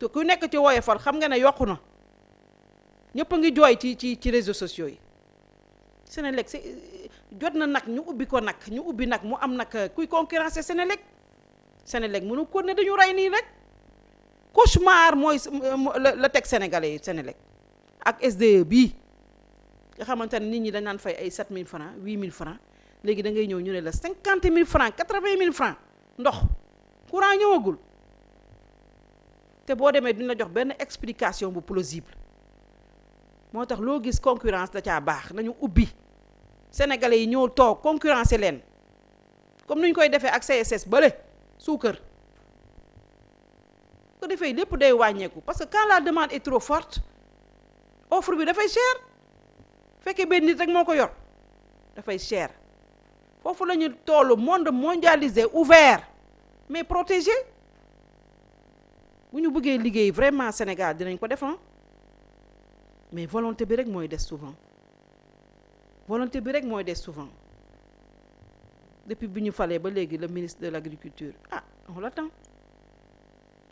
te ku nekk ci woyofal xam nga ne yokku na ñëpp a ngi jooy ci ci ci réseaux sociaux yi Senelec jot na nag ñu ubbi ko nag ñu ubbi nag mu am nag kuy concurrencer Senelec Senelec mënu ko ne dañu rey nii rek cauchemar mooy la teg sénégalais yi Senelec ak SDE bii nga xamante ne nit ñi dañ naan fay ay 7000 francs mille francs léegi da ngay ñëw ñu ne la 50 000 francs 80 mille francs ndox courant ñëwagul. te boo demee dina jox benn explication bu plausible moo tax loo gis concurrence da caa baax nañu ubbi sénégalais yi ñoo toog concurrencer leen comme nuñ koy defee ak CSS bële suukar ko defee lépp day wàññeeku parce que quand la demande est trop forte offre bi dafay cher fekkee benn nit rek moo ko yor dafay cher foofu la ñu toll monde mondialisé ouvert mais protégé buñu ñu bëggee liggéey vraiment Sénégal dinañ ko def hein? mais volonté bi rek mooy des souvent volonté bi rek mooy des souvent depuis bi ñu falee ba léegi le ministre de l'agriculture ah on l'attend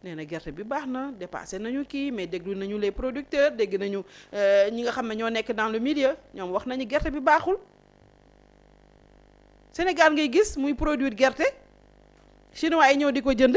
nee na gerte bi baax na dépassé nañu kii mais déglu nañu les producteurs dégg nañu euh, ñi nga xam ne ñoo nekk dans le milieu ñoom wax nañu gerte bi baaxul Sénégal ngay gis muy produire gerte chinois yi ñëw di ko jënd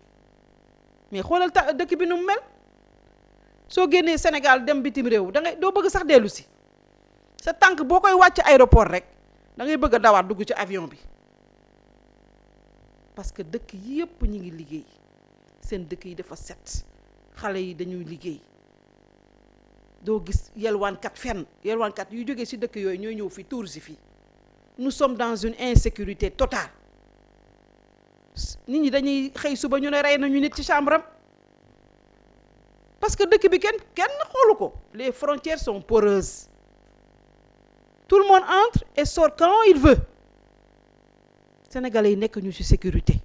mais xoolal ta dëkk bi nu mel so génnee Sénégal dem bitim réew da ngay do bëgg sax dellu si sa tank boo wacc wàcc aéroport rek da ngay bëgg dawat dawaat dugg ci avion bi parce que dëkk yépp ñi ngi liggéey seen dëkk yi dafa set xalé yi dañuy liggéey do gis yelwan yelwaankat fenn yelwaankat yu jógee ci dëkk yooyu ñoy ñëw fi tuur si fi nous sommes dans une insécurité totale nit ñi dañuy xëy ñu nañu nit chambre parce que les frontières sont poreuses tout le monde entre et sort quand il veut sénégalais yi nekk ñu ci sécurité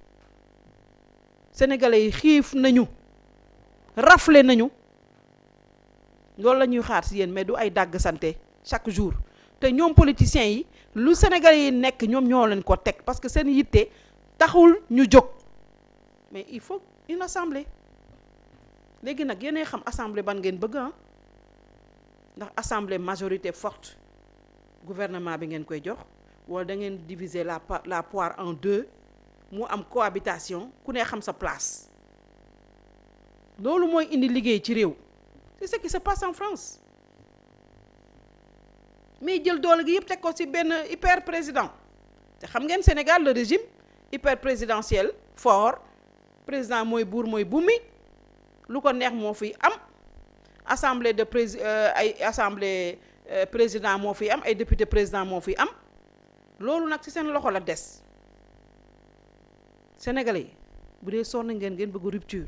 sénégalais yi xiif nañu rafle nañu la ñuy xaar mais du santé chaque jour te ñoom politiciens yi lu sénégalais yi ñoo parce que seen taxul ñu jóg mais il faut une assemblée légui nak yéenay xam assemblée ban ngeen bëgg hein ndax assemblée majorité forte gouvernement bi ngeen koy jox wala da ngeen diviser la la poire en deux mu am cohabitation ku ne xam sa place loolu moy indi liggéey ci rew c'est ce qui se passe en France mais jël doole gi yépp teg ko ci benn hyper président te xam ngeen Sénégal le régime hyper présidentiel fort président moy Bour moy bumi lu ko neex am assemblée de euh, euh, président Moufi am ay député président Moufi am lolou nak ci sen loxo la des sénégalais boudé son en ngeen ngeen bëgg rupture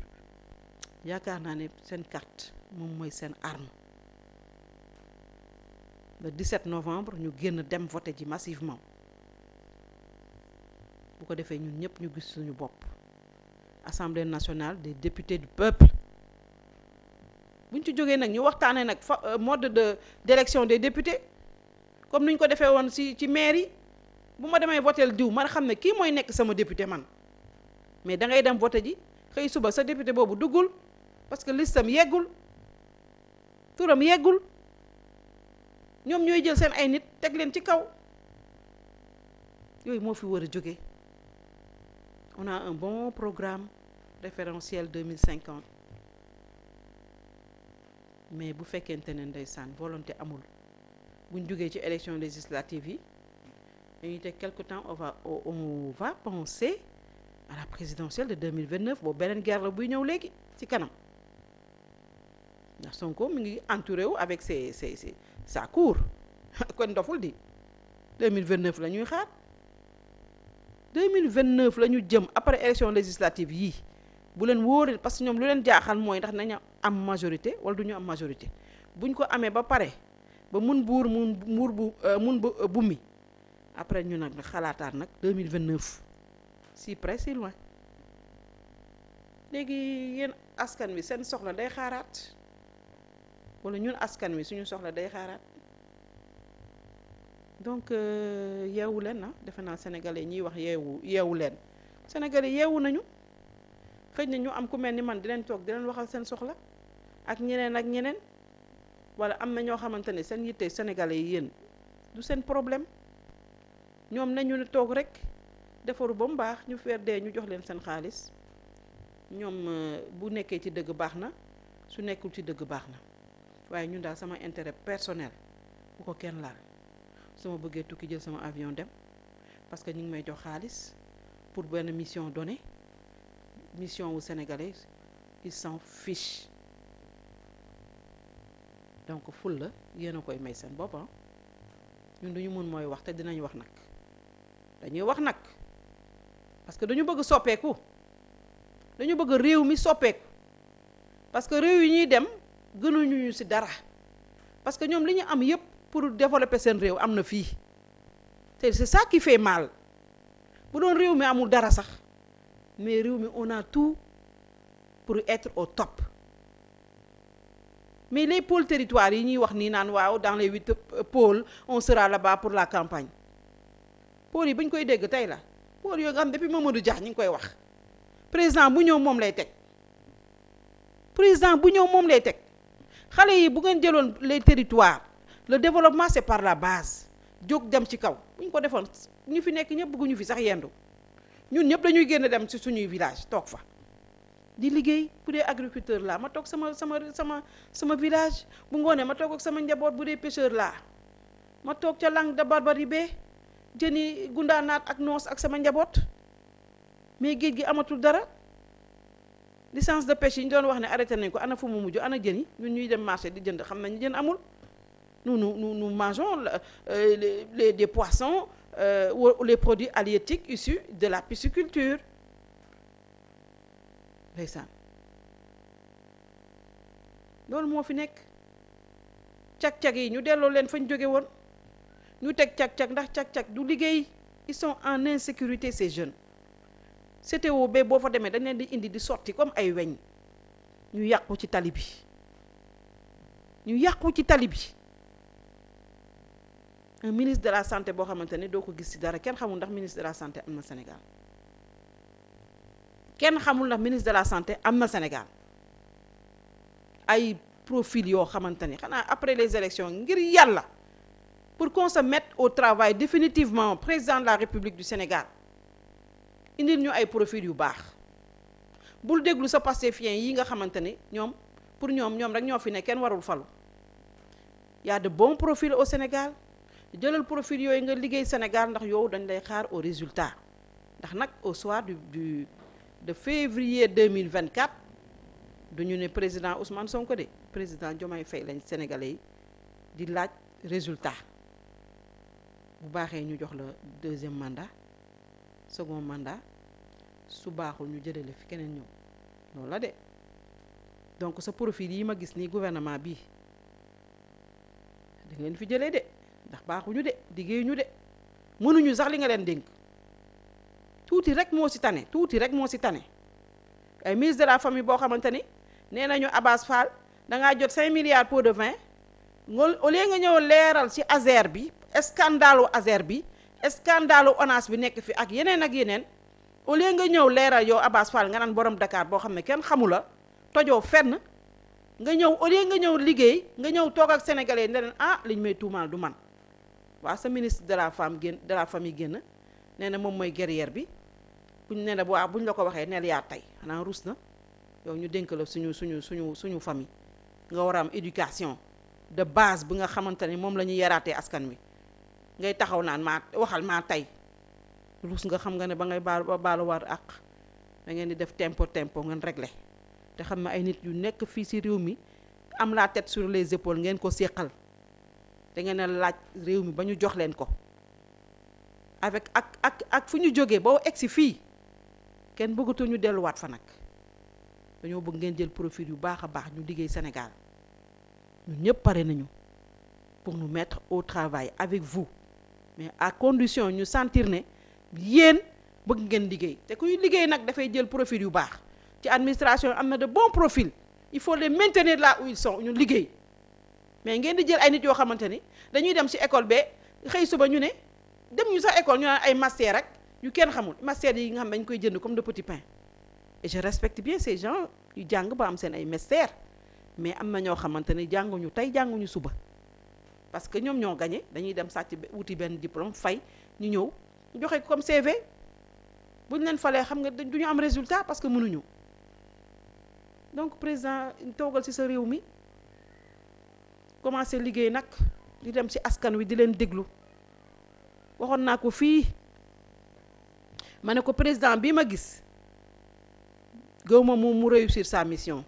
yaakaar naa ne carte mom moy arme le 17 novembre nous génn dem voté massivement bu ko defee ñun ñëpp ñu gis suñu bopp assemblée nationale des députés du peuple buñ ci jógee nag ñu waxtaanee nag euh, mode de élection des députés comme ni ñu ko defee woon si ci maire yi bu ma demee voteel diw man xam ne kii mooy nekk sama député man mais da ngay dem voter ji xëy suba sa député boobu duggul parce que listam yeggul turam yeggul ñoom ñooy jël seen ay nit teg leen ci kaw yooyu moo fi war a jóge on a un bon programme référentiel 2050 mais bu fekkente ne une volonté amul buñ jógee ci élection législative Il y a quelque temps on va on va penser à la présidentielle de 2029 boobu une guerre la buy ñëw léegi ci kanam ndax Sonko entouré wu avec ses ses sa cour kon doful di 2029 la ñuy 2029 jëm après élection législative yi bu parce que lu majorité wala on majorité buñ ko amee ba ba mun euh, mun bu euh, mun après ñu 2029 si près si loin askan seen soxla day wala ñun askan suñu donc euh, yeewu leen sont sénégalais ñi wax yewu sénégalais yewu nañu ñu am ku man di sont tok di sont waxal sen soxla ak ñeneen ak ñeneen wala ne sénégalais du problème ñom nañu sont rek defaru là. ñu Ils ñu jox sont sen Ils ñom euh, bu nekké ci dëgg Ils su intérêt personnel bu sama tukki avion parce que ñu ngi may pour une mission donnée mission au sénégalais ils s'en fichent donc ful la yéen koy may seen bopp ah. ñun duñu mooy wax te dinañ wax parce que dañu bëgg soppeeku dañu bëgg réew mi parce que réew yi dem gënuñu parce que ñoom li am pour développer sen réew amna fi c'est ça qui fait mal bu doon réew mi amul dara sax mais réew mi on a tout pour être au top mais les pôles territoires yi ñi wax ni nan waaw dans les huit pôles on sera là-bas pour la campagne Pour yi buñ koy dégg tay la pôles yo nga depuis Mamadou Dia ñi koy wax président bu ñëw mom lay teg président bu ñëw mom lay teg xalé yi bu ngeen jëlone les territoires le développement c'est par la base Diok dem ci kaw buñ ko defoon ñu fi nekk ñëpp bëgguñu fi sax yendu ñun ñepp dañuy génn dem ci suñu village tok fa di liggéey bu dee agriculteur laa ma tok sama sama sama sama village bu ngone ma tok ak sama njabot bu dee pêcheur laa ma tok ci Langue de Barbarie bee jëni gundaanaat ak nos ak sama njabot mais géej gi amatul dara licence de pêche yi ñu doon wax ne arrêté nañ ko ana fu mu mujj ana jën ñun ñuy dem marché di jënd xam nañu jën amul nous, nous, nous, nous mangeons le, euh, les, les, des poissons euh, ou les produits halieutiques issus de la pisciculture. ndeysaan loolu moo fi nekk cag-cag yi ñu delloo leen fañ jóge Nous ñu teg cag-cag ndax cag-cag du liggéey ils sont en insécurité ces jeunes C'était au boo fa demee dañ leen di indi di comme ay weñ ñu yàqu ci talibi. bi ñu yàqu ci talibi un ministre de la santé bo xamante ne doo ko gis ci dara kenn xamul ndax ministre de la santé amna Sénégal kenn xamul ndax ministre de la santé amna Sénégal ay profil yo xamante ni après les élections ngir yalla pour qu'on se mette au travail définitivement président de la République du Sénégal indil ñu ay profil yu bax bul déglu sa Pastefien yi nga xamante ni pour ñom ñom rek ñofi fi ne kenn warul falu y a de bons profils au Sénégal jëlal profil yooyu nga liggéey Sénégal ndax yow dañ lay xaar au résultat ndax nag au soir du du de février 2024 duñu ne président Ousmane Sonko de président Diomaye Fay lañ Sénégalais yi di laaj résultat bu baaxee ñu jox la deuxième mandat second mandat su baaxul ñu jëlee fi keneen ñëw loolu la de donc sa profil yi ma gis nii gouvernement bi da ngeen fi jëlee de. ndax baaxuñu de liggéeyuñu de mënuñu sax li nga len dénk touti rek mo ci tané touti rek mo ci tané ay ministre de la famille bo xamanteni ni nañu Abass Fall da nga jot 5 milliards pour de vin ngol au lieu nga ñëw léral si Azer bi scandale Azer bi scandale ONAS bi nek fi ak yenen ak yenen au lieu nga ñëw léral yo Abass Fall nga nan borom Dakar bo xamné kenn xamu fenn nga ñëw au lieu nga ñëw liggéey nga ñëw tok ak sénégalais ah liñ may mal du man waaw ministre de la femme de la famille génn bi buñ buñ la ko la tay na yow ñu dénk la suñu suñu suñu suñu famille nga am éducation de base bi nga mom lañu la askan wi ngay taxaw naan ma waxal ma tay Russe nga xam nga né ba ngay baal war da def tempo tempo ngeen réglé té xam ay am la tête sur les épaules ngeen ko da ngeen a laaj réew mi jox len ko avec ak ak ak fu ñu jógee boo egsi fii kenn bëggatul ñu delluwaat fa nak dañu bëgg ngeen jël profil yu baaxa baax ñu liggéey Sénégal ñun ñëpp paré nañu pour nous mettre au travail avec vous mais à condition ñu sentir ne yeen bëgg ngeen liggéey té kuy liggéey nag dafay jël profil yu baax ci administration amna de bons profils il faut les maintenir là où ils sont ñu liggéey mais ngeen di jël ay nit yo xamanteni dañuy dem ci école be xey suba ñu ont dem ñu sax école ñu ay master rek ñu kenn xamul master yi nga comme de petit pain et je respecte bien ces gens yu am ay master mais am na parce que gagné dañuy diplôme CV résultat donc président ci sa mi commencé liggéey nak li dem ci askan wi di len deglu waxon nako fi fii ko président bi ma gis gëw mo mu réussir sa mission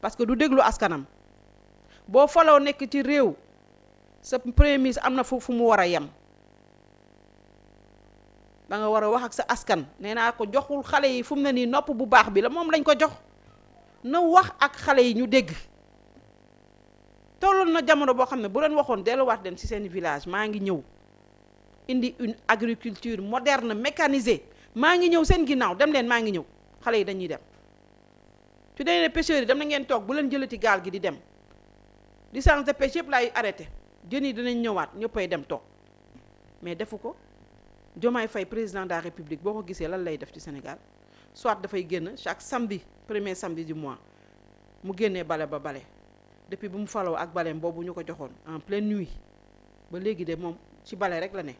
parce que du déglu askanam bo faloo nek ci rew sa premier amna fofu fu mu wara yam yem da nga wara wax ak sa askan néna ko joxul xalé yi fu mu ne nopp bu baax bi la mom lañ ko jox na wax ak xalé yi ñu dégg tolloon na jamono boo xam ne bu leen waxoon delluwaat leen ci seen village maa ngi ñëw indi une agriculture moderne mécaniser maa ngi ñëw seen ginnaaw dem leen maa ngi ñëw xale yi dañuy dem su dee ne pêcheurs yi dem na ngeen toog bu leen jëlati gaal gi di dem licence de pêche yëpp laay arrêté jën yi danañ ñëwaat ñëppay dem toog mais defu ko Diomaye fay président de la République boo ko gisee lan lay def ci Sénégal soit dafay génn chaque samedi premier samedi du mois mu génnee bale ba bale depuis bu mu faloo ak baleem boobu ñu ko en pleine nuit ba léegi de moom ci bale rek la ne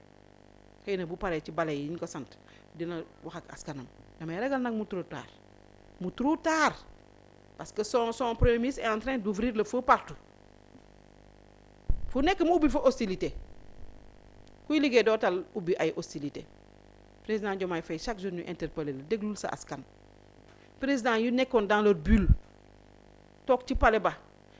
xëy na bu paree ci bale yi ñu ko sant dina wax ak askanam damay ragal nag mu trop tard mu trop tard parce que son son premier ministre est en train d'ouvrir le feu partout fu nekk mu ubbi fa hostilité kuy liggéey dootal ubbi ay hostilité président Diomaye Faye chaque jour ñu interpellé la déglul sa askan président yu nekkoon dans leur bulle toog ci palais ba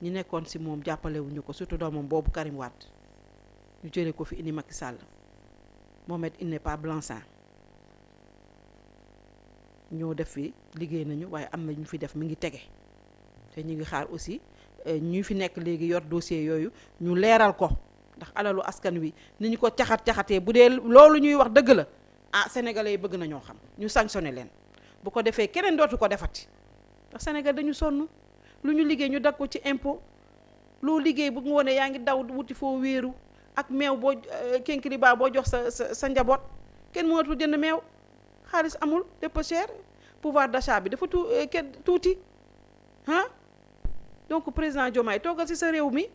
ñu nekkoon si moom jàppalewuñu ko surtout doomam boobu Karim Wade ñu jële ko fi indi Macky Sall moom it il n'est pas blanc-seing ñoo def fi liggéey nañu waaye am na ñu fi def mi ngi tege te ñu ngi xaar aussi euh, ñu fi nekk léegi yor dossier yooyu ñu leeral ko ndax alalu askan wi ni ñu ko caxat caxatee bu dee loolu ñuy wax dëgg la ah sénégalais yi bëgg na ñoo xam ñu sanctionné leen bu ko defee keneen dootu ko defat ndax Sénégal dañu sonn. lu ñu liggéey ñu dag ko ci impo loo liggéey bu ngoonee yaa ngi daw wuti foo wéeru ak meew boo euh, kinkiliba boo jox sa sa sa njaboot kenn mënatul jënd meew xaalis amul lépp cher pouvoir bi dafa tu euh, kenn tuuti ah donc président Diomaye toogal ci sa réew mi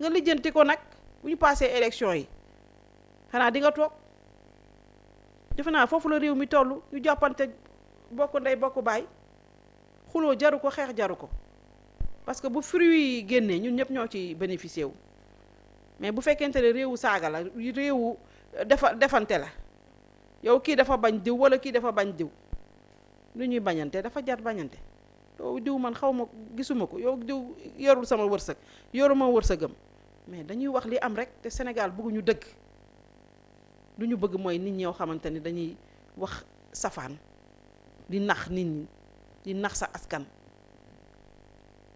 nga lijjanti ko nag bu ñu passé élection yi xanaa di nga toog defe naa foofu la réew mi toll ñu jàppante bokk ndey bokk baay xuloo jaru ko xeex jaru ko parce que bu fruit des fruits, ñun ça, des bénéficier mais bu vous avez des gens, la avez euh, des la yow des dafa bañ avez wala dafa bañ des Vous dafa jar Vous avez diw man Vous gisuma ko yow yorul sama Vous yoruma des mais dañuy wax li am rek avez Sénégal bëgguñu dëgg avez des bëgg Vous nit des xamante Vous dañuy wax safaan di nax nit ñi di nax sa askan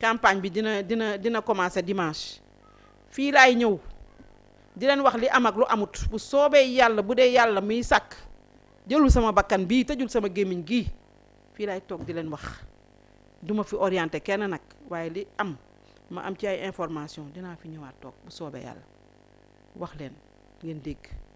campagne bi dina dina dina commencer dimanche fii laay ñëw di leen wax li am ak lu amut bu soobee yàlla bu dee yàlla muy sàkk jëlul sama bakkan bii tëjul sama gémmiñ gii fii laay toog di leen wax duma fi orienté kenn nag waaye li am ma am ci ay information dinaa fi ñëwaat toog bu soobee yàlla wax leen ngeen dégg